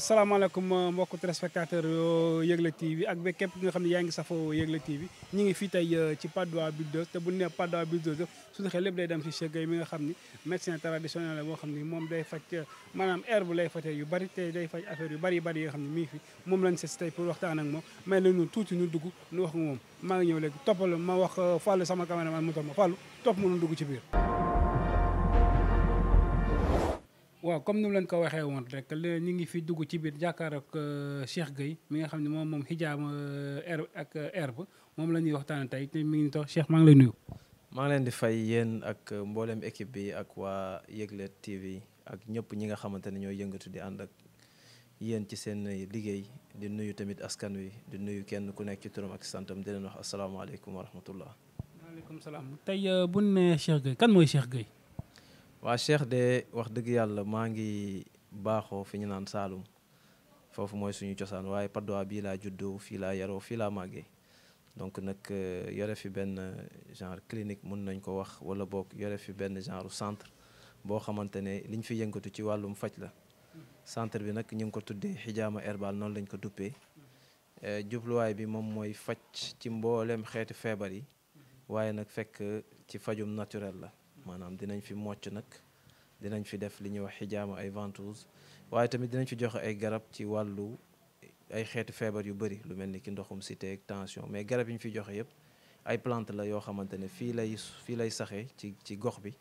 salaamaaleykum euh, mbokku téléspectateur yoo euh, Yegle TV ak ba képp ki nga xam ne yaa ngi safoo Yegle TV ñu ngi fii tey euh, ci Padoa Bulldose te bu ñu nee Padoa Bulldose suñu xel lépp day dem si Cheikh Gueye mi nga xam ni médecin traditionnel la xam ni moom day faj maanaam bu lay fajee yu bari te day faj affaire yu bari bari yoo xam ne mi ngi fi moom lañ seet si tey pour waxtaan ak moom may la ñu tuuti nu dugg ñu wax moom maa ngi ñëw léegi la ma wax fal sama caméraman mu topp ma Fallou topp mu ñu dugg ci biir. waaw comme ni mu leen ko waxee woon rek li ñu ngi fi dugg ci biir jàkkaar ak euh, Cheikh Gueye mi nga xam ne moom moom xijaam euh, herbe ak euh, herbe moom la ñuy waxtaanee tey mi ngi toog Cheikh maa ngi lay nuyu. maa leen di fay yéen ak mboolem équipe bi ak waa Yëgle TV ak ñëpp ñi nga xamante ne ñooy yëngatu di ànd ak yéen ci seen liggéey di nuyu tamit askan wi di nuyu kenn ku nekk ci turam ak santam di leen wax asalaamaaleykum wa rahmatullah. waaleykum bu ne kan mooy Cheikh Gueye. waa Cheikh de wax dëgg yàlla maa ngi baaxoo fi ñu naan Saalum foofu mooy suñu cosaan waaye Padoa bii laa juddoo fii laa yaroo fii laa màggee donc nag euh, yore fi benn euh, genre clinique mun nañ ko wax wala boog yore fi benn genre centre boo xamante ne liñ fi yëngatu ci wàllum faj la centre bi nag ñu ngi ko tuddee xijaama herbal noonu lañ ko duppee euh, jubluwaay bi moom mooy faj ci mbooleem xeetu feebar yi waaye nag fekk ci fajum naturel la maanaam dinañ fi mocc nag dinañ fi def li ñuy wax xijaama ay ventouse waaye tamit dinañ fi joxe ay garab ci wàllu ay xeeti feebar yu bëri lu mel ni ki ndoxum cité ak tension mais garab yi ñu fi joxe yëpp ay plante la yoo xamante ne fii lay fii lay saxee ci ci gox bi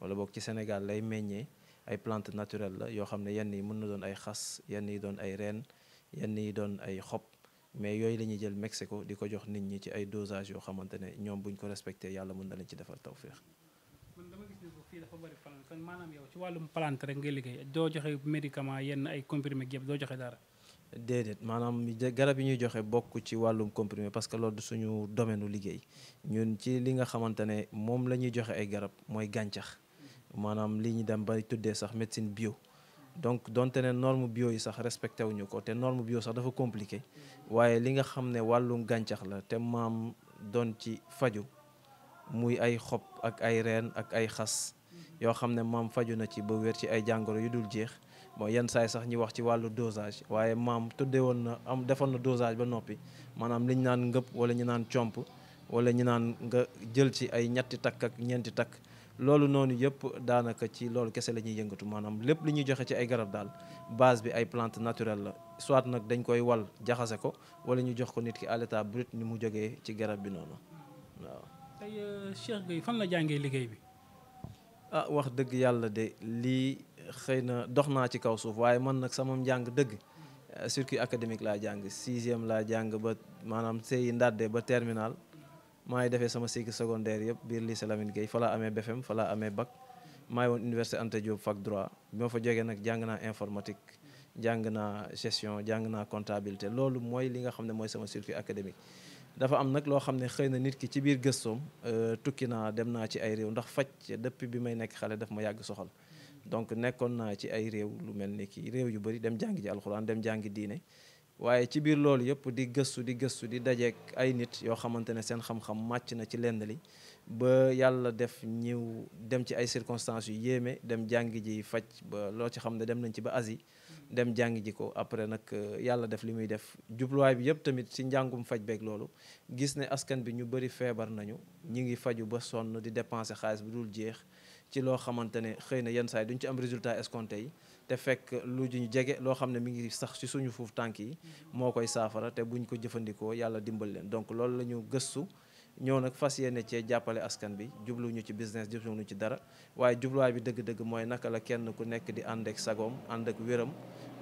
wala boog ci Sénégal lay meññee ay plante naturelle la yoo xam ne yenn yi mën na doon ay xas yenn yi doon ay reen yenn yi doon ay xob mais yooyu la ñuy jël Mexico di ko jox nit ñi ci ay dosage yoo xamante ne ñoom buñ ko respecté yàlla mën na leen ci defal tawféex fii dafa bëri plante kon maanaam yow doo joxe médicament yenn ay comprimé yëpp doo joxe dara. déedéet maanaam garab yi ñuy joxe bokk ci wàllum comprimé parce que loolu du suñu domaine u liggéey ñun ci li nga xamante ne moom la ñuy joxe ay garab mooy gàncax maanaam li ñu dem ba tuddee sax médecine bio donc donte ne norme bio yi sax respecté wuñu ko te norme bio sax dafa compliqué waaye li nga xam ne wàllum gàncax la te maam doon ci faju muy ay xob ak ay reen ak ay xas yoo xam ne maam faju na ci ba wér ci ay jàngoro yu dul jeex bon yenn saay sax ñu wax ci wàllu dosage waaye maam tuddee woon na am defoon na dosage ba noppi maanaam li ñu naan ngëpp wala ñu naan comp wala ñu naan nga jël ci ay ñetti takk ak ñeenti takk loolu noonu yëpp daanaka ci loolu kese lañuy ñuy yëngatu maanaam lépp li ñuy joxe ci ay garab daal base bi ay plante naturelle la soit nag dañ koy wal jaxase ko wala ñu jox ko nit ki aleta l'état ni mu jógee ci garab bi noonu waaw. tey euh, fan la jàngee liggéey bi. ah wax dëgg yàlla de lii xëy na dox naa ci kaw suuf waaye man nag sama njàng dëgg euh, circuit académique laa jàng sixième laa jàng ba maanaam seyi ndàdde ba terminal maa ngi defee sama cycle secondaire yëpp biir lycée Lamine Gueye fa laa amee BFM fa laa amee bac maa woon université Anta Diop fac droit bi ma fa jógee nag jàng naa informatique jàng naa gestion jàng naa comptabilité loolu mooy li nga xam ne mooy sama circuit académique dafa am nak lo xamne xeyna nit ki ci biir euh tukki na dem na ci ay réew ndax fajj depuis bi may nek xale daf ma yag soxal donc nekkon na ci ay réew lu melni ki réew yu bari dem jàng ji alcorane dem jàng diine waaye ci biir loolu yëpp di gëstu di gëstu di dajeek ay nit yoo xamante ne seen xam-xam màcc na ci lenn li ba yàlla def ñëw dem ci ay circonstances yu yéeme dem jàng ji faj ba loo ci xam ne dem nañ ci ba Asie dem jàngi ji ko après nag euh, yàlla def li muy def jubluwaay bi yëpp tamit si njàngum faj beeg loolu gis ne askan bi ñu bëri feebar nañu ñi ngi faju ba sonn di dépenser xaalis bi dul jeex ci loo xamante ne xëy na yenn saa yi duñ ci am résultat escompté yi te fekk lu ñu jege loo xam ne mu ngi sax ci suñu fuuf tànk yi moo koy saafara te buñ ko jëfandikoo yàlla dimbal leen donc loolu lañu gëstu ñëw nag fas yéene cee jàppale askan bi jublu ñu ci business jubluñu ci dara waaye jubluwaay bi dëgg-dëgg mooy naka la kenn ku nekk di ànd ak sagoom ànd ak wéram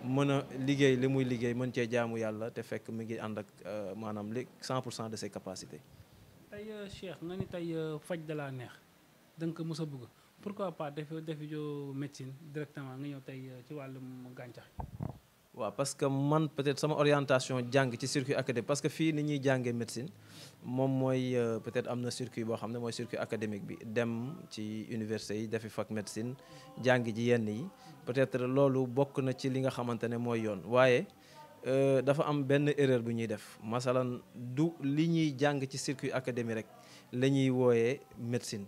mën a liggéey li muy liggéey mën cee jaamu yàlla te fekk mi ngi ànd ak euh, maanaam li 100 pour cent de ses capacités. tey euh, Cheikh na ni tey euh, faj dalaa neex da ko mës a bëgg pourquoi pas def def jo médecine directement nga ñëw tey ci wàllum gàncax. waaw parce que man peut-être mon orientation jàng ci circuit académique parce que fi ni ñuy médecine mom moy euh, peut-être amna circuit bo xamné moy circuit académique bi dem ci université yi fac médecine jàng ji yenn yi peut-être loolu bokk na ci li nga xamante moy mooy yoon waaye euh, dafa am benn erreur bu ñuy def masalan du li ñuy jàng ci circuit académique rek la ñuy wooyee médecine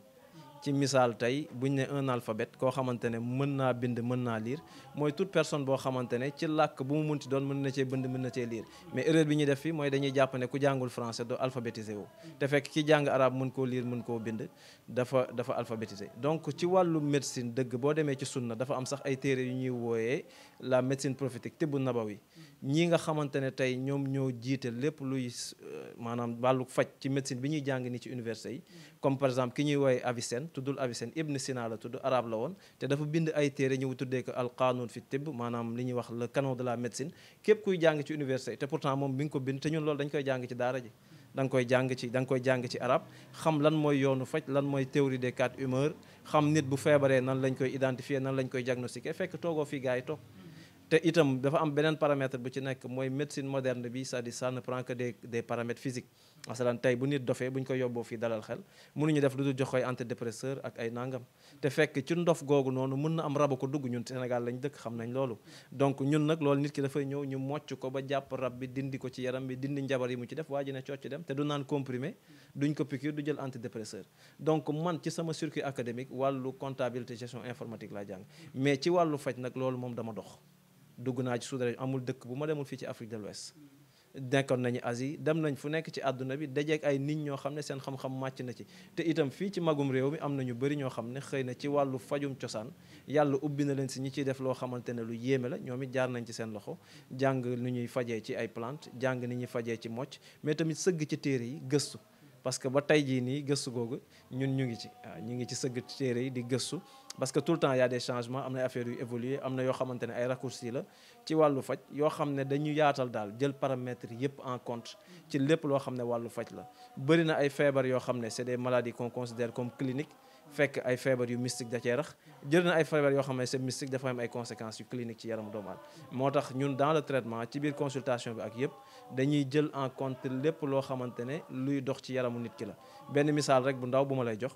ci misal tay buñ ne un alphabet ko xamantene mën na bind mën na lire moy toute personne bo xamantene ci lak bu mu munti don mën na ci bind mën na ci lire mais erreur bi ñi def fi moy dañuy jàpp ne ku jàngul français do alphabetiser wu te fek ki jàng arab mën ko lire mën ko bind dafa dafa alphabetiser donc ci walu médecine deug bo démé ci sunna dafa am sax ay téré yu ñuy woyé la médecine prophétique tibbu nabawi ñii nga xamante ne tey ñoom ñoo jiite lépp luy euh, maanaam wàllu faj ci médecine bi ñuy jàng ni ci université yi mm. comme par exemple ki ñuy woowee Avicenne tuddul Avicenne Ibn Sina la tudd arabe la woon te dafa bind ay téere ñëw tuddee ko al qanun fi tibb maanaam li ñu wax le canon de la médecine képp kuy jàng ci université te pourtant moom bi nga ko bind te ñun loolu dañ koy jàng ci daara ji da nga koy jàng ci da koy jàng ci arab xam lan mooy yoonu faj lan mooy théorie des quatre humeurs xam nit bu feebaree nan lañ koy identifier nan lañ koy diagnostiquer fekk toogoo fii gars yi toog te itam dafa am beneen paramètre bu ci nekk mooy médecine moderne bi c'est-à-dire ça ne prend que des des bu nit dofee bu ko yóbboo fii dalal xel mënuñu def lu dul jox koy antidépresseur ak ay nangam te fekk ci ndof googu noonu mën na am rabu ko dugg ñun Sénégal lañ dëkk xam nañ loolu donc ñun nag loolu nit ki dafay ñëw ñu mocc ko ba jàpp rab bi dindi ko ci yaram bi dindi njabar yi mu ci def waa ji ne cocc dem te du naan comprimé duñ ko du jël antidépresseur donc man ci sama circuit académique wàllu comptabilité gestion informatique laa jàng mais ci wàllu faj nag moom dama dox dugg naa ci sous amul dëkk bu ma demul fii ci Afrique de l'Ouest nekkoon nañu asi dem nañ fu nekk ci àdduna bi dajeek ay nit ñoo xam ne seen xam-xam màcc na ci te itam fii ci magum réew mi am na ñu bëri ñoo xam ne xëy na ci wàllu fajum cosaan yàlla ubbi na leen si ñi ciy def loo xamante ne lu yéeme la ñoom it jaar nañ ci seen loxo jàng nu ñuy fajee ci ay plante jàng ni ñuy fajee ci mocc mais tamit sëgg ci téere yi gëstu parce que ba tey jii nii gëstu googu ñun ñu ngi ci ñu ngi ci sëgg téere yi di gëstu parce que tout le temps il y a des changements amna affaire yu évoluer amna yo xamantene ay raccourci la ci walu faj yo xamne dañu yaatal dal jël paramètres yépp en compte ci lépp lo xamne walu wàllu la bëri na ay fièvre yo xamne c'est des maladies qu'on considère comme cliniques fekk ay fièvre yu mystique da ci rax jël na ay fièvre yo xamne c'est mystique dafa am ay conséquences yu clinique ci yaram doomu motax ñun dans le traitement ci biir consultation bi ak yépp dañuy jël en compte lépp lo xamantene luy dox ci yaramu nit ki la benn misal rek bu ndaw buma lay jox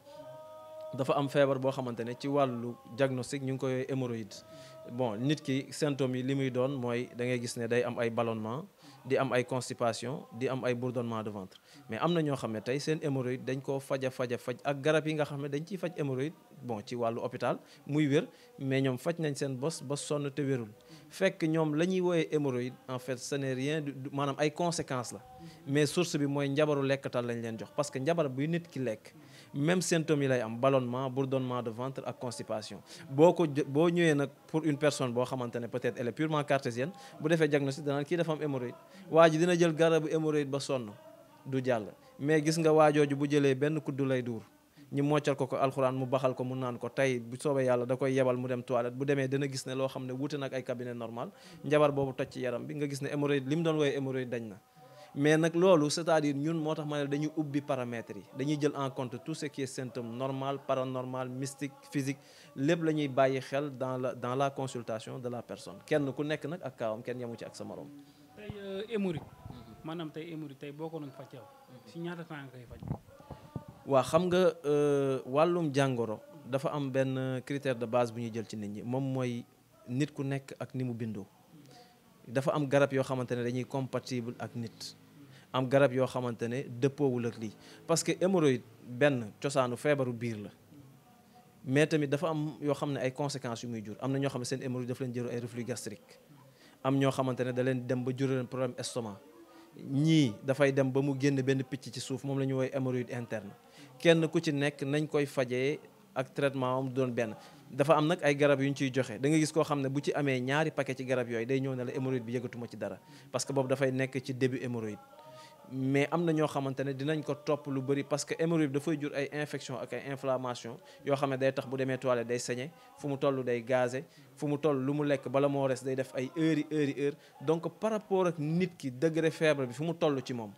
dafa am feebar boo xamante ne ci wàllu diagnostic ñu ngi koy hémorroïde bon nit ki symptômes yi li muy doon mooy da ngay gis ne day am ay ballonnement di am ay constipation di am ay bourdonnement de ventre mais am na ñoo xam ne tey seen hémorroïde dañ koo faja faja faj ak garab yi nga xam ne dañ ciy faj hémorroïde bon ci wàllu hôpital muy wér mais ñoom faj nañ seen bos ba sonn te wérul fekk ñoom la ñuy wooyee hémorroïde en fait ce n'est rien du maanaam ay conséquences la mais source bi mooy njabaru lekkatal lañ leen jox parce que njabar buy nit ki lekk même symptôme il lay am ballonnement bourdonnement de ventre à constipation boo ko boo ñëwee pour une personne boo xamante peut-être elle est purement cartésienne bu defee diagnostic danaan kii dafa am hémorroïde waa ji dina jël garabu hémorroïde ba sonn du jàll mais gis nga waajooju bu jëlee benn kuddu lay duur ñu moccal ko ko alxuraan mu baxal ko mu naan ko tey bu soobee yàlla da koy yebal mu dem toilette bu demee dana gis ne loo xam ne wuute nag ay cabinet normal njabar boobu toj ci yaram bi nga gis ne hémorroïde li mu doon woowee hémorroïde dañ mais nag loolu c'est-à-dire ñun moo tax ma ne dañuy ubbi paramètres yi dañuy jël en compte tout ce qui est symptôme normal paranormal mystique physique lépp la ñuy bàyyi xel dans la dans la consultation de la personne kenn ku nekk nag ak kaawam kenn yamu ci ak sa morom. tey euh, maanaam tey hémorroïde tey boo ko doon faj si ñaata temps nga koy faj. waa xam nga euh, wàllum jàngoro dafa am benn critère de base bu ñuy jël ci nit ñi moom mooy nit ku nekk ak ni mu bindoo dafa am garab yoo xamante ne dañuy compatible ak nit. am garab yoo xamante ne dëppoowul ak lii parce que hémorroïde benn cosaanu feebaru biir la mais tamit dafa am yoo xam ne ay conséquences yu muy jur am na ñoo xam ne seen hémorroïde dafa leen jëru ay reflux gastrique am ñoo xamante ne da leen dem ba jur leen problème estomac ñii dafay dem ba mu génn benn picc ci suuf moom la ñu woy hémorroïde interne kenn ku ci nekk nañ koy fajee ak traitement am doon benn dafa am nag ay garab yu ñu ciy joxe da nga gis koo xam ne bu ci amee ñaari paquet ci garab yooyu day ñëw ne la hémorroïde bi ci dara parce que boobu dafay nekk ci début hémorroïde mais am na ñoo xamante dinañ ko topp lu bari parce que hémorroïde dafay jur ay infection ak ay inflammation yoo xam ne day tax bu demee toilette day saigner fu mu toll day gazé fu mu toll lu mu lekk bala moo res day def ay heure heure heure donc par rapport ak nit ki degré faible bi fu mu toll ci moom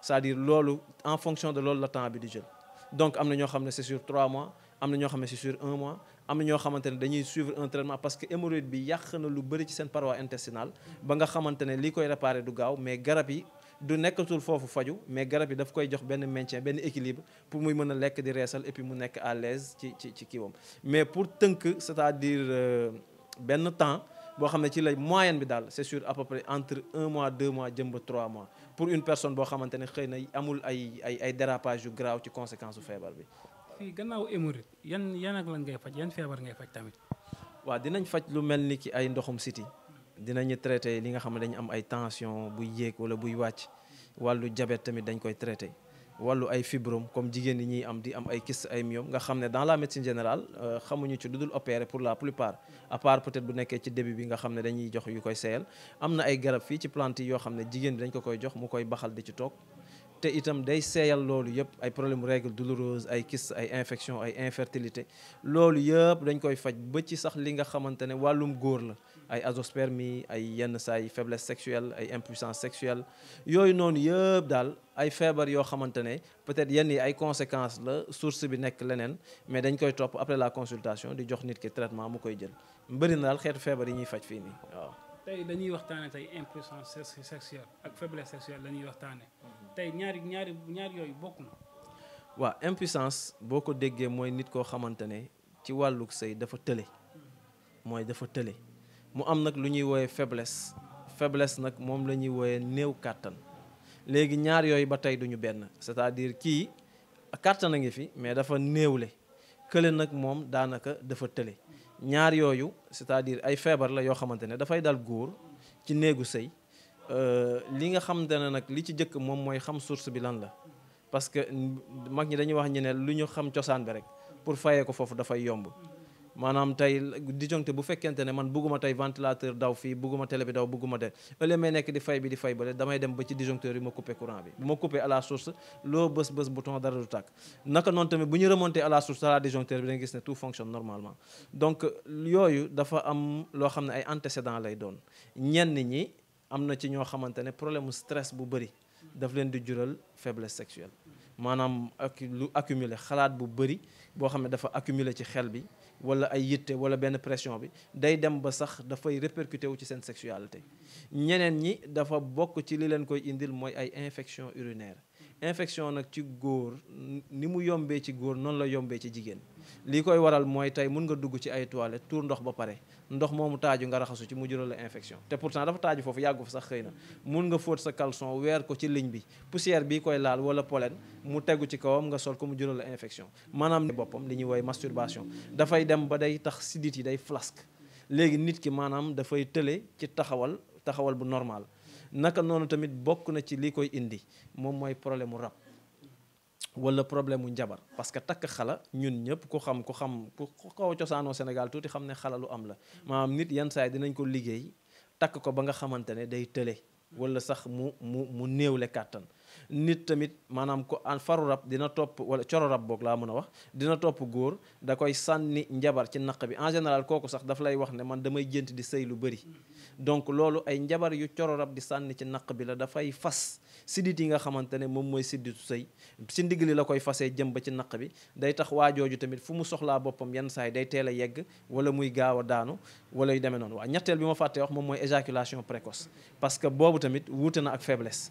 c'est-à-dire loolu en fonction de loolu la temps bi di jël donc am na ñoo xam ne c'est sur 3 mois am na ñoo xam ne c'est sur 1 mois am na ñoo xamante ne dañuy suivre un traitement parce que hémorroïde bi yàq na lu bëri ci seen paroi intestinale ba nga xamante ne li koy réparer du gaaw mais garab yi du nekkatul foofu faju mais garab yi daf koy jox benn maintien benn équilibre pour muy mën a lekk di reesal et puis mu nekk à l'aise ci ci ci kiiwam mais pour tënk c'est-à-dire euh, benn temps boo xam ne ci la moyenne bi daal c'est sûr à peu près entre un mois deux mois jëm ba trois mois pour une personne boo xamante ne xëy na amul ay ay ay dérapage yu graaw ci conséquence su feebar bi. fii gannaaw hémorroïde yan yan ak lan ngay faj yan feebar ngay faj tamit. waaw dinañ faj lu mel ni ki ay ndoxum city. dinañu traité li nga xam ne dañu am ay tension buy yéeg wala buy wàcc wàllu diabète tamit dañ koy traité wàllu ay fibrome comme jigéen ñi ñuy am di am ay kyste ay myome nga xam ne dans la médecine générale euh, xamuñu ci lu dul opérer pour la plupart à part peut-être bu nekkee ci début bi nga xam ne dañuy jox yu koy seeyal am na ay garab fii ci plante yi yoo xam ne jigéen bi dañ ko koy jox mu koy baxal di ci toog te itam day seeyal loolu yëpp ay problème règle douloureuse ay kis, ay infection ay infertilité loolu yëpp dañ koy faj ba ci sax li nga xamante ne wàllum góor la ay azoospermie ay yenn saa faiblesse sexuelle ay impuissance sexuelle yooyu noonu yëpp daal ay feebar yoo xamante ne peut-être yenn yi ay conséquences la source bi nekk leneen mais dañ koy topp après la consultation di jox nit ki traitement mu koy jël mbëri na daal xeetu feebar yi ñuy faj fii nii waaw. tey dañuy waxtaane tey impuissance sexuelle ak faiblesse sexuelle la ñuy waxtaane tey ñaari ñaari ñaar yooyu bokk na. waaw impuissance boo ko déggee mooy nit koo xamante ne ci wàllu sëy dafa tële mooy dafa tële mu am nag lu ñuy wooyee faiblesse faiblesse nag moom lañuy ñuy néew kàttan léegi ñaar yooyu ba tey duñu benn c'est-à-dire kii kàttan a ngi fi mais dafa néewle kële nag moom daanaka dafa tële ñaar yooyu c'est-à-dire ay feebar la yoo xamante ne dafay dal góor ci néegu sëy Euh, li nga xam dana nak li ci jëk mom moy xam source bi lan la parce que mag ñi dañuy wax ñene ne lu ñu xam cosaan bi rek pour fayee ko da fay yomb tay tey disjoncté bu fekkente ne man bugguma tay ventilateur daw fi bugguma télé bi daw bugguma dé ele may nek di fay bi di fay bale damay dem ba ci disjoncteur yi ma couper courant bi bu ma couper à la source lo bëss bëss bouton dara du tak naka non tamit bu ñu remonté à la source à la disjoncteur bi da gis tout fonctionne normalement donc yooyu dafa am lo xamné ay antécédents lay doon ñenn ñi am na ci ñoo xamante ne problème stress bu bëri daf leen di jural faiblesse sexuelle maanaam ak lu accumulé xalaat bu bëri boo xam ne dafa accumulé ci xel bi wala ay yitte wala benn pression bi day dem ba sax dafay répercuté wu ci seen sexualité ñeneen ñi dafa bokk ci li leen koy indil mooy ay infection urinaire infection nag ci góor ni mu yombee ci góor noonu la yombee ci jigéen lii koy waral mooy tey mun nga dugg ci ay toilettes tour ndox ba pare ndox moomu taaju nga raxasu ci mu jural la infection te pourtant dafa taaju foofu yàggu fa sax xëy na mun nga fóot sa caleçon weer ko ci ligne bi poussière bi koy laal wala pollen mu tegu ci kawam nga sol ko mu jural la infection maanaam boppam li ñuy woy masturbation dafay dem ba day tax sidit yi day flasque léegi nit ki maanaam dafay tële ci taxawal taxawal bu normal naka noonu tamit bokk na ci li koy indi moom mooy problème mu rab wala problème mu njabar parce que takk xala ñun ñëpp ku xam ku xam ku ko cosaanoo Sénégal tuuti xam ne xalalu am la maanaam nit yan saay dinañ ko liggéey takk ko ba nga xamante ne day tële wala sax mu mu mu néewle kàttan nit tamit maanaam ko an faru rab dina topp wala coro rab boog laa mën a wax dina topp góor da koy sànni njabar ci naq bi en général kooku sax daf lay wax ne man damay jënt di sëy lu bëri donc loolu ay njabar yu coro rab di sànni ci naq bi la dafay fas sidit yi nga xamante ne moom mooy sidditu sëy ci ndigg li la koy fasee jëm ba ci naq bi day tax waajooju tamit fu mu soxlaa boppam yan saay day teel a yegg wala muy gaaw a daanu wala yu demee noonu ñetteel bi ma fàttee wax moom mooy éjaculation précoce parce que boobu tamit wuute na ak faiblesse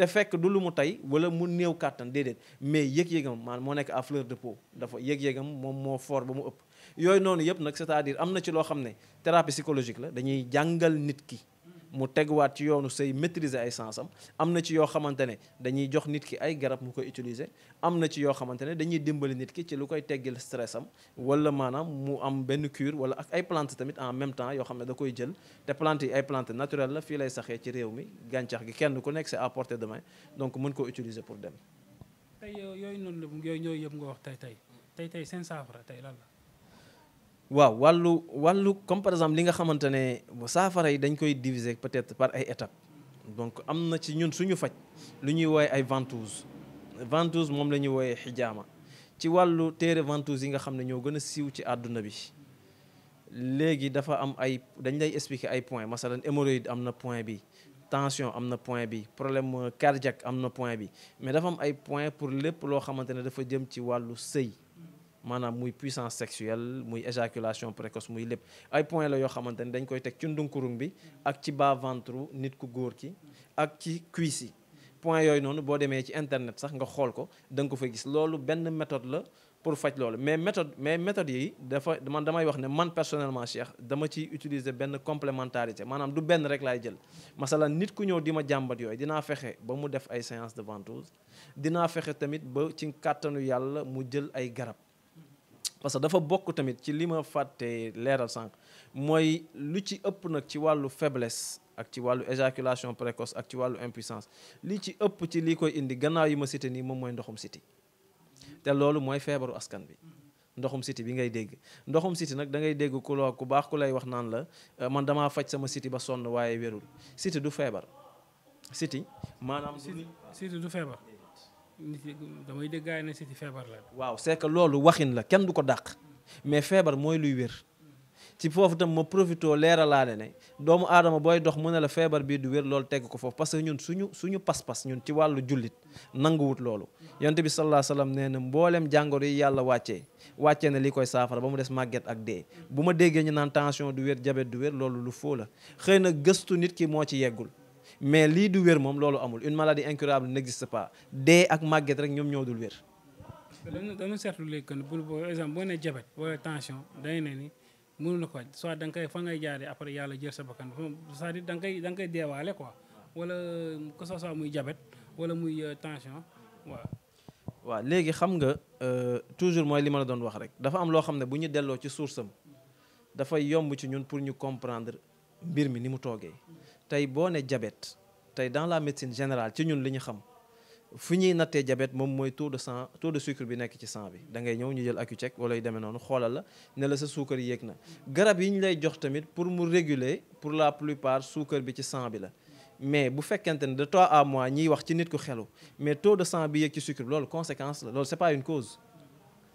te fekk du lu mu tey wala mu néew kàttan déedéet mais yëg-yëgam maanaam moo nekk à de peau dafa yëg-yëgam moom moo fort ba mu ëpp yooyu noonu yëpp nag cest à am na ci loo xam ne thérapie psychologique la dañuy jàngal nit ki mu teguwaat ci yoonu sëy maîtriser ay sansam am na ci yoo xamante ne dañuy jox nit ki ay garab mu koy utiliser am na ci yoo xamante ne dañuy dimbali nit ki ci lu koy teggil stress am wala maanaam mu am benn cure wala ak ay plante tamit en même temps yoo xam ne da koy jël te plante yi ay plante naturelle la fii lay saxee ci réew mi gàncax gi kenn ku nekk c'est à portée de main donc mën koo utiliser pour dem. tey yooyu noonu yooyu yëpp nga wax tey tey tey tey seen saafara tey lan waaw wàllu wàllu comme par exemple li nga xamante ne saafara yi dañ koy diviser peut-être par ay étapes donc am na ci ñun suñu faj lu ñuy wooye ay ventouse ventouse moom la ñuy wooyee xijaama ci wàllu téere ventouse yi nga xam ne ñoo gën a siiw ci àdduna bi léegi dafa am ay dañ lay expliqué ay point masalan hémorroïde am na point bi tension am na point bi problème cardiaque am na point bi mais dafa am ay point pour lépp loo xamante ne dafa jëm ci wàllu sëy maanaam muy puissance sexuelle muy éjaculation précoce muy lépp ay point la yo xamante dañ koy tek ci ndunkurum bi ak ci bas ventre nit ku góor ki ak ci cuisse point yoy noonu bo démé ci internet sax nga xol ko dang ko fay gis lolu ben méthode la pour faj lolu mais méthode mais méthode yi dafa man damay wax né man personnellement Cheikh dama ci utiliser ben complémentarité manam du ben rek lay jël masala nit ku ñëw dima jambat yoy dina fexé ba mu def ay séance de ventouse dina fexé tamit ba ci katanu yalla mu jël ay garab parce que dafa bokk tamit ci li ma fàtte leeral sànq mooy lu ci ëpp nag ci wàllu faiblesse ak ci wàllu éjaculation précoce ak ci wàllu impuissance li ci ëpp ci li koy indi gannaaw yi ma cité nii moom mooy ndoxum siti te loolu mooy feebaru askan bi ndoxum siti bi ngay dégg ndoxum siti nag da ngay dégg ku loo ku baax ku lay wax naan la euh, man damaa faj sama siti ba sonn waaye wérul siti du feebar siti maanaam siti du feebar nit yi damay dégg feebar la. waaw c'est loolu waxin la kenn du ko dàq mais feebar mooy luy wér ci foofu tam ma profitoo leeralaale ne doomu aadama booy dox mu ne la feebar bii du wér loolu tegg ko foofu parce que ñun suñu suñu pas-pas ñun ci wàllu jullit nanguwut loolu yonte bi sallallahu alayhi wasallam nee na mbooleem jàngoro yi yàlla wàccee wàccee na li koy saafara ba mu des màgget ak dee bu ma déggee ñu naan tension du wér diabète du wér loolu lu foo la xëy na gëstu nit ki moo ci yeggul mais li du wér mom loolu amul une maladie incurable n'existe pas dee ak màgget rek ñom ñoo dul wér. dañu dañu seetlu léegi que bu par exemple bo né diabète bo tension dañu né ni mënu mënuñu ko soit da nga fa ngay jaaree après yalla jël sa bakkan c'est-à-dire da nga koy da nga koy quoi wala que ce soit muy diabète wala muy euh, tension waaw. wa légui xam nga euh, toujours moy li ma la doon wax rek dafa am loo xam ne bu ñu delloo ci source am dafay yomb ci ñun pour ñu comprendre mbir mi ni mu toogee tay boo diabète tay dans la médecine générale ci ñun li ñu xam fu ñuy naté diabète mom moy taux de sang taux de sucre bi nekk ci sang bi da ngay ñëw ñu jël Accu-Chek wala yu demee noonu la ne la sa suukar yéeg na. garab yi ñu lay jox tamit pour mu réguler pour la plupart sucre bi ci sang bi la. mais bu fekkente ne de toi à moi ñi wax ci nit ku xelu mais taux de sang bi yéeg ci sucre lool conséquence lool c'est pas une cause.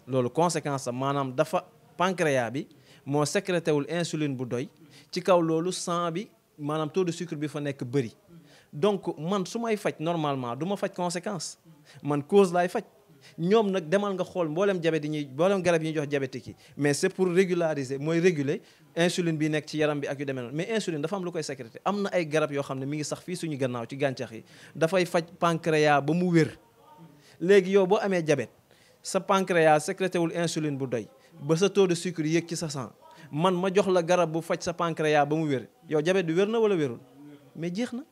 lool conséquence manam dafa pancréas bi mo sécrété wul insuline bu doy ci kaw loolu sang bi manam taux de sucre bi fa nek beuri donc man su may normalement du ma conséquence man cause laay faj ñom nak demal nga xol mboolem jabet yi ñuy garab yi jox diabétique mais c'est pour régulariser moy réguler insuline bi nek ci yaram bi ak yu demee mais insuline dafa am lu koy sécréter amna ay garab yo xam mi ngi sax fi suñu gannaaw ci gàncax yi fay faj pancréas ba mu wér légui yo bo amé diabète sa pancréas sécrété wul insuline bu doy ba sa taux de sucre yek ci sa man ma jox la garab bu faj sa pancréas ba mu wér yow diabète bi wér na wala wérul mais jeex na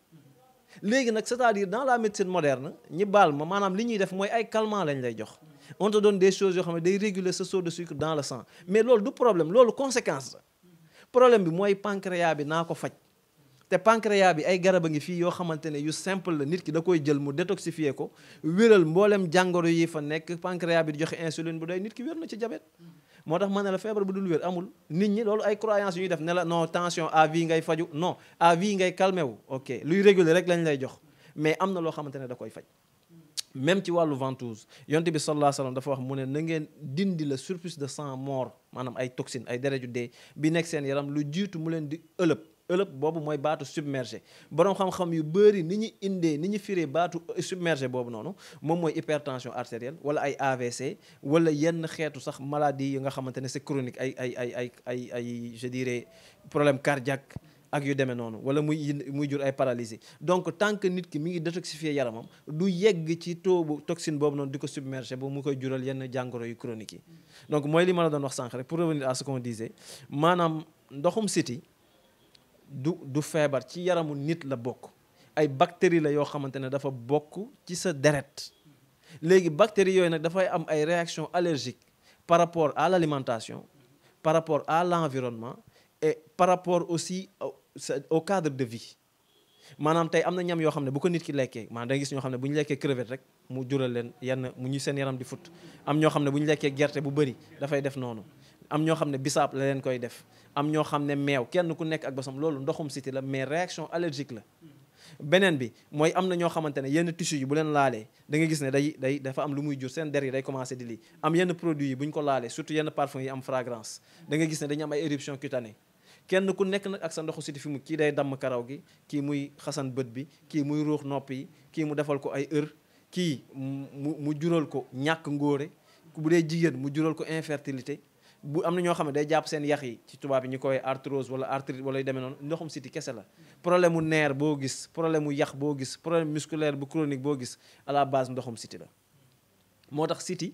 léegi nag c'est-à-dire dans la médecine moderne ñi baal ma maanaam li ñuy def mooy ay calmants lañ lay jox on te des choses yoo xam ne day réguler ce taux de sucre dans le sang mais loolu du problème loolu conséquence la problème bi mooy pancréas bi naa ko faj te pancréas bi ay garab a ngi fii yoo xamante ne yu simple la nit ki da koy jël mu détoxifier ko wéral mboolem jàngoro yi fa nekk pancréas bi di joxe insuline bu doy nit ki wér na ci diabète moo tax ma ne la feebar bu dul wér amul nit ñi loolu ay croyance yu ñuy def ne la non tension à vie ngay faju non à vie ngay calmé wu ok luy réguler rek lañ lay jox mais am na loo xamante ne da koy faj même ci wàllu ventouse yonte bi sallallahu alayhi sallam dafa wax mu ne na ngeen dindi la surplus de sang mort maanaam ay toxine ay dereju dee bi nekk seen yaram lu jiitu mu leen di ëlëb ëlëb boobu mooy baatu submergé borom xam-xam yu bëri ni ñu indee ni ñu firee baatu submergé boobu noonu moom mooy hypertension artérielle wala ay AVC wala yenn xeetu sax maladie yi nga xamante ne c'est chronique ay ay ay ay ay ay je dirais problème cardiaque ak yu demee noonu wala muy muy jur ay paralysé donc tant que nit ki mi ngi détoxifier yaramam du yegg ci taux bu toxine boobu noonu di ko submerger ba mu koy jural yenn jàngoro yu chronique yi donc mooy li ma la doon wax sànq rek pour revenir à ce qu'on disait maanaam ndoxum city du du fièvre ci yaramu nit la bok ay bactéries la yo xamantene dafa bokk ci sa deret légui bactéries yooyu nag dafay am ay réactions allergiques par rapport à l'alimentation par rapport à l'environnement et par rapport aussi au cadre de vie manam tay, am ñam yo xam bu ko nit ki lekkee man da gis ñoo xam buñu bu crevette rek mu jural len yenn mu ñu seen yaram di foot. am ñoo xam buñu bu ñu lekkee gerte bu bëri dafay def noonu am ñoo xam ne bisaab la leen koy def am ñoo xam ne meew kenn ku nekk ak bosam loolu ndoxum siti la mais réaction allergique la beneen bi mooy am na ñoo xamante ne yenn tissu yi bu leen laalee da gis ne day day dafa am lu muy jur seen der yi day commencé di lii am yenn produit yi bu ñu ko laalee surtout yenn parfum yi am fragrance da nga gis ne dañu am ay éruption cutanée kenn ku nekk nag ak sa ndoxu siti fi mu kii day damm karaw gi kii muy xasan bët bi kii muy ruux nopp kii mu defal ko ay heure kii mu mu jural ko ñàkk ngóore bu dee jigéen mu jural ko infertilité bu am na ñoo xam ne day jàpp seen yax yi ci tubaab yi ñu koy arthrose wala arthrite wala yu deme noonu ndoxum siti kese la problème mu nerf boo gis problème mu yax boo gis problème musculaire bu chronique boo gis à la base ndoxum siti la moo tax siti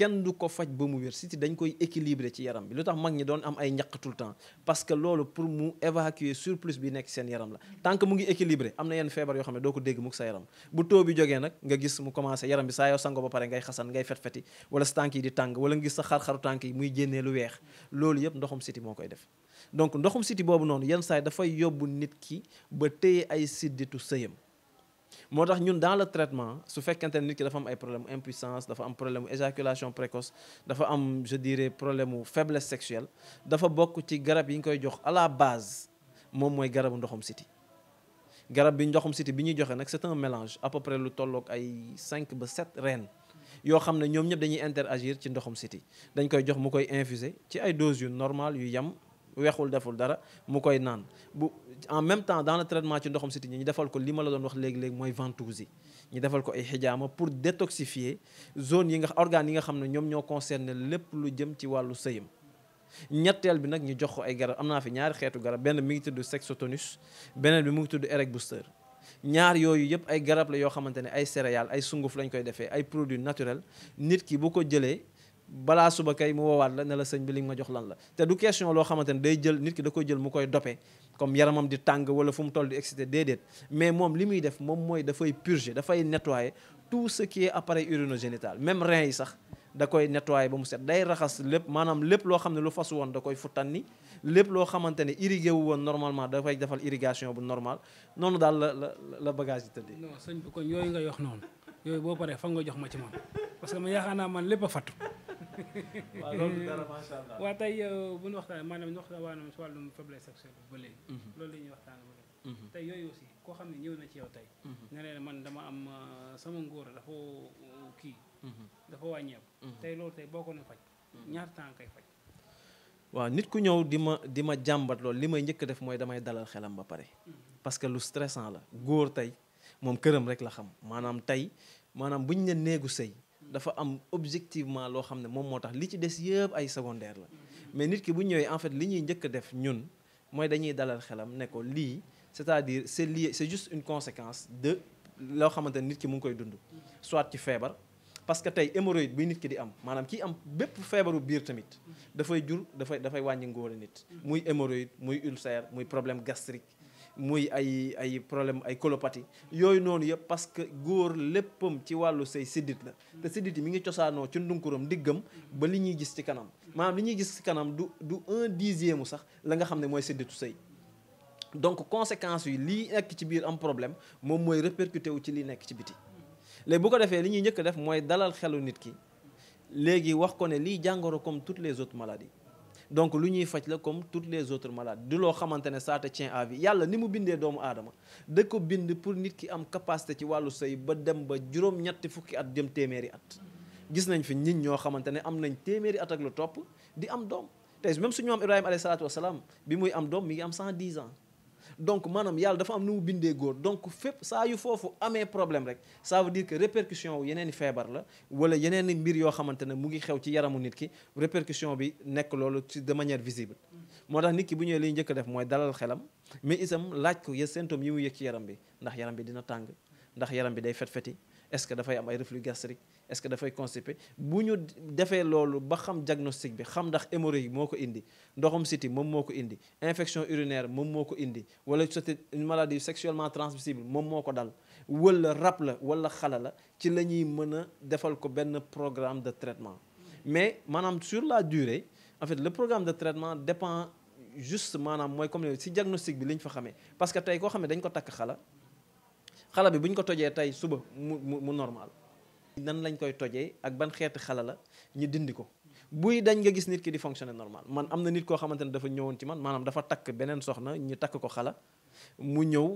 kenn du ko faj ba mu wér siti dañ koy équilibrer ci yaram bi lu tax mag ñi doon am ay ñaq temps parce que loolu pour mu évacuer surplus bi nekk seen yaram la tant que mu ngi équilibré am na yenn feebar yoo xam ne doo ko dégg mukk sa yaram bu taux bi jogee nag nga gis mu commencé yaram bi saa yoo sango ba pare ngay xasan ngay fet-feti wala sa tànk yi di tàng wala nga gis sa xar-xaru tànk yi muy génnee lu weex loolu yëpp ndoxum siti moo koy def don ndoxum siti boobu noonu yenn saay dafay yóbbu nit ki ba téye ay sidditu sëyam moo tax ñun dans le traitement su fekkente nit ki dafa am ay problème impuissance dafa am problème éjaculation précoce dafa am je dirais problème faiblesse sexuelle dafa bokk ci garab yi ñu koy jox à la base moom mooy garabu ndoxum siti garab bi ndoxum siti bi ñuy joxe nag c'est un mélange à peu près lu tolloog ay 5 ba 7 reine yoo xam ne ñoom ñëpp dañuy interagir ci ndoxum siti dañ koy jox mu koy infuser ci ay doses yu normal yu yam deful dara mu koy bu en même temps dans le traitement ci siti defal ko la doon wax léegi-léegi defal ko ay pour détoxifier zone yi nga organe yi nga xam ne ñoom ñoo concerné lépp lu jëm ci wàllu sëyam ñetteel sexotonus beneen bi mu ngi tudd erec booster ñaar yooyu yëpp ay garab la ay céréales ay sunguf lañ koy produits naturels nit ki bu ko balaa suba kay mu woowaat la ne la sëñ bi li nga jox lan la te du question loo xamante ne day jël nit ki da koy jël mu koy dope comme yaramam di tàng wala fu mu toll di excité déedéet mais moom li muy def moom mooy dafay purger dafay nettoyer tout ce qui est appareil urinogénital même rein yi sax da koy nettoyer ba mu set day raxas lépp maanaam lépp loo xam ne lu fas woon da koy ni lépp loo xamante ne irrigué wu woon normalement da koy defal irrigation bu normal noonu daal la la la bagage yi tëddee. non sëñ bi kon yooyu nga wax noonu yooyu boo paree nga jox ma ci moom a waaw loolu dara macha allah. waaw tey bu ñu waxtaanee maanaam ñu waxtaanee si wàllum faiblesse sexuelle ba léegi. Mhm. loolu la ñuy waxtaanee ba léegi. Mhm. tey yooyu aussi koo xam ne ñëw na ci yow tey. Mhm. nga ne man dama am euh, sama ngóor dafa euh, kii. dafa wàññeeku. tey loolu tey boo ko nu faj. ñaar tànk kay faj. waaw nit ku ñëw di ma di ma jàmbat loolu li may njëkk def mooy damay dalal xelam ba pare. parce que lu stressant la góor tey moom këram rek la xam maanaam tey maanaam buñ ne néegu sëy dafa am objectivement lo xam ne motax li ci dess yeb ay secondaire la mais nit ki bu ñëwé en fait li ñuy njëkk def ñun moy dañuy dalal xelam ne ko li c'est-à-dire c'est lié c'est juste une conséquence de lo xamante nit ki mu ngi koy dund soit ci fièvre parce que tay hémorroïde bu nit ki di am manam ki am bép fièvre biir tamit fay jur da fay wañi ngor nit muy hémorroïde muy ulcère muy problème gastrique muy ay ay problème ay colopathie yooyu noonu yëpp parce que góor léppam ci wàllu say siddit la te siddit yi mi ngi cosaanoo ci ndunkuram ndiggam ba li ñuy gis ci kanam maanaam li ñuy gis ci kanam du du un dixième sax la nga xam ne mooy sidditu sëy donc conséquences yi lii nekk ci biir am problème moom mooy répercuté wu ci lii nekk ci biti léegi bu ko defee li ñuy njëkk def mooy dalal xelu nit ki léegi wax ko ne lii jàngoro comme toutes les autres maladies donc lu ñuy fait, comme toutes les autres malades, du de xamante ne ça te tient à vie yàlla ni mu doomu aadama ko bind pour nit ki am capacité ci wàllu sëy ba dem ba juróom-ñetti fukki at at gis nañ fi ñoo am nañ at ak lu di am même suñu am Ibrahima alayhi salatu wasalaam bi muy am mi 110 ans donc manam yalla dafa am nu mu gor donc fépp sa yu fofu amé problème rek ça veut dire que répercussion yenen i la wala yenen mbir yo xamantene mu ngi xew ci yaramu nit ki répercussion bi nek lolu ci de manière visible motax nit ki bu ñëw li ñëk def moy dalal xelam mais isam laaj ko ya symptôme yi mu yëg ci yaram bi ndax yaram bi dina tang ndax yaram bi day fet-feti est-ce que dafay am ay reflux gastrique est-ce que dafay constipé bu ñu defee loolu ba xam diagnostic bi xam ndax hémorroïde moo ko indi ndoxum siti moom moo ko indi infection urinaire moom moo ko indi wala une maladie sexuellement transmissible moom moo ko dal wala rap la wala xala la ci la ñuy mën a defal ko benn programme de traitement mais maanaam sur la durée en fait le programme de traitement dépend juste maanaam mooy comme si diagnostic bi liñ fa xamee parce que tey koo xam ne dañ ko takk xala xala bi bu ñu ko tojee tey suba mu mu normal nan lañ koy tojee ak ban xeeti xala la ñu dindi ko buy dañ nga gis nit ki di fonctionner normal man am na nit koo xamante ne dafa ñëwoon ci man maanaam dafa takk beneen soxna ñu takk ko xala mu ñëw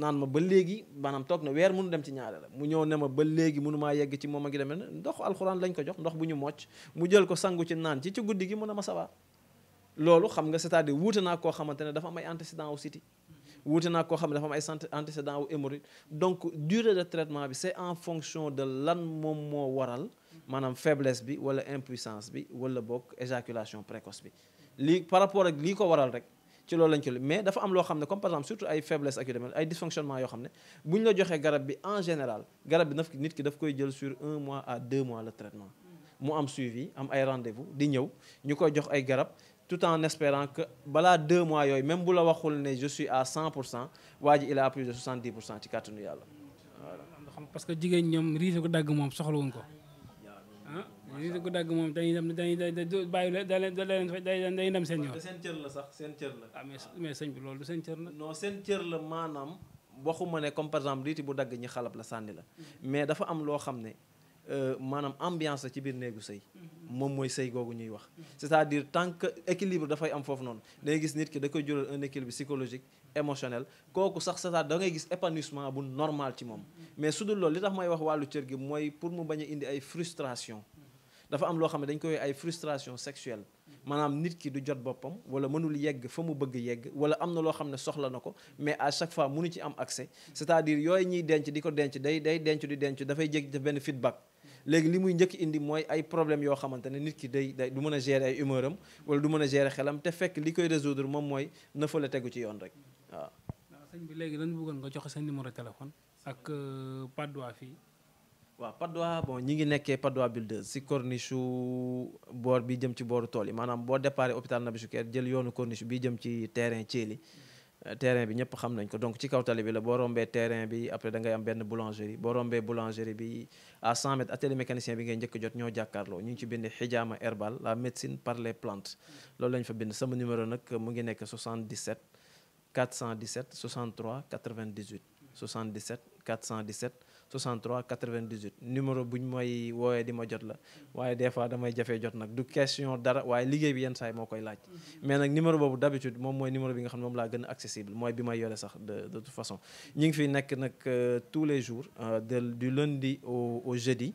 naan ma ba léegi maanaam toog na weer mënu dem ci ñaare la mu ñëw ne ma ba léegi mënu maa yegg ci moom a ngi demee ndox alxuraan lañ ko jox ndox bu ñu mocc mu jël ko sangu ci naan ci ci guddi gi mën a ma sabaa loolu xam nga cest à wuute naa koo xamante ne dafa am ay antécédents au siti wuute naa koo xam ne dafa am ay antécédent wu hémorroïde donc durée de traitement bi c'est en fonction de lan moom moo waral maanaam faiblesse bi wala impuissance bi wala bokk éjaculation précoce bi li par rapport ak lii ko waral rek ci loolu lañ ko mais dafa am loo xam ne comme par exemple surtout ay faiblesse ak yu ay dysfonctionnement yoo xam ne bu la joxee garab bi en général garab bi daf nit ki daf koy jël sur un mois à deux mois le traitement mu am suivi am ay rendez-vous di ñëw ñu koy jox ay garab tout en espérant que deux mois même vous je suis à 100 il a plus de 70 de parce que ko. Ah, la sax la. Ah, mais mais seigne bi non waxuma comme par exemple euh, manam ambiance ci bir néegu sey mom moy sey googu ñuy wax c'est-à-dire tant que équilibre da fay am fofu non day gis nit ki da koy jural un équilibre psychologique émotionnel koku sax c'est-à-dire da ngay gis épanouissement bu normal ci mom mais su dul li tax may wax walu cër gi moy pour mu baña indi ay frustration dafa am lo xamné dañ koy ay frustration sexuelle manam nit ki du jot bopam wala mënul yegg fa mu bëgg yegg wala amna lo xamné soxla nako mais à chaque fois mënu ci am accès c'est-à-dire yoy ñi denc diko denc day day denc du denc dafay jég def benn feedback léegi li muy njëkk indi mooy ay problème yoo xamante ne nit ki day day du mën a gérer ay humeur am wala du mën a gérer xelam te fekk li koy résoudre moom mooy na fa la tegu ci yoon rek waaw. waaw sëñ bi nga joxe sa numéro téléphone ak euh, Patte d'Oie fii. waaw Patte bon ñi ngi nekkee Patte d'Oie Builders si corniche boor bi jëm ci booru tool yi maanaam boo déparé hôpital Nabi Choucair jël yoonu corniche bi jëm ci terrain Thiély Euh, terrain bi ñëpp xam nañ ko donc ci kaw tali bi la boo rombee terrain bi après da ngay am benn boulangerie boo rombee boulangerie bi à 100 mètres atelier mécanicien bi ngay njëkk jot ñoo jàkkaarloo ñu ngi ci bind Hijama Herbal la médecine par les plantes loolu lañ fa bind sama numéro nag mu ngi nekk 77 417 63 98 77 417 63 98 numéro buñ moy woyé woowee di ma jot la waaye des fois damay jafé jot nak du question dara waaye liggéey bi yenn saa yi koy laaj mhm. mais nak numéro bobu d'habitude mom moy numéro bi nga xam mom la gën accessible moy bima yoré sax de de toute façon ñing fi nek nak euh, tous les jours euh, du lundi au au jeudi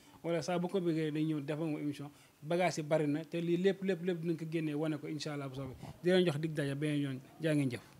wala saa bu ko bëggee day ñëw defal ma émission bagage yi bari na te lii lépp lépp lépp dinañ ko génnee wane ko incha allah bu soobee di leen jox dig daje beneen yoon jaa ngeen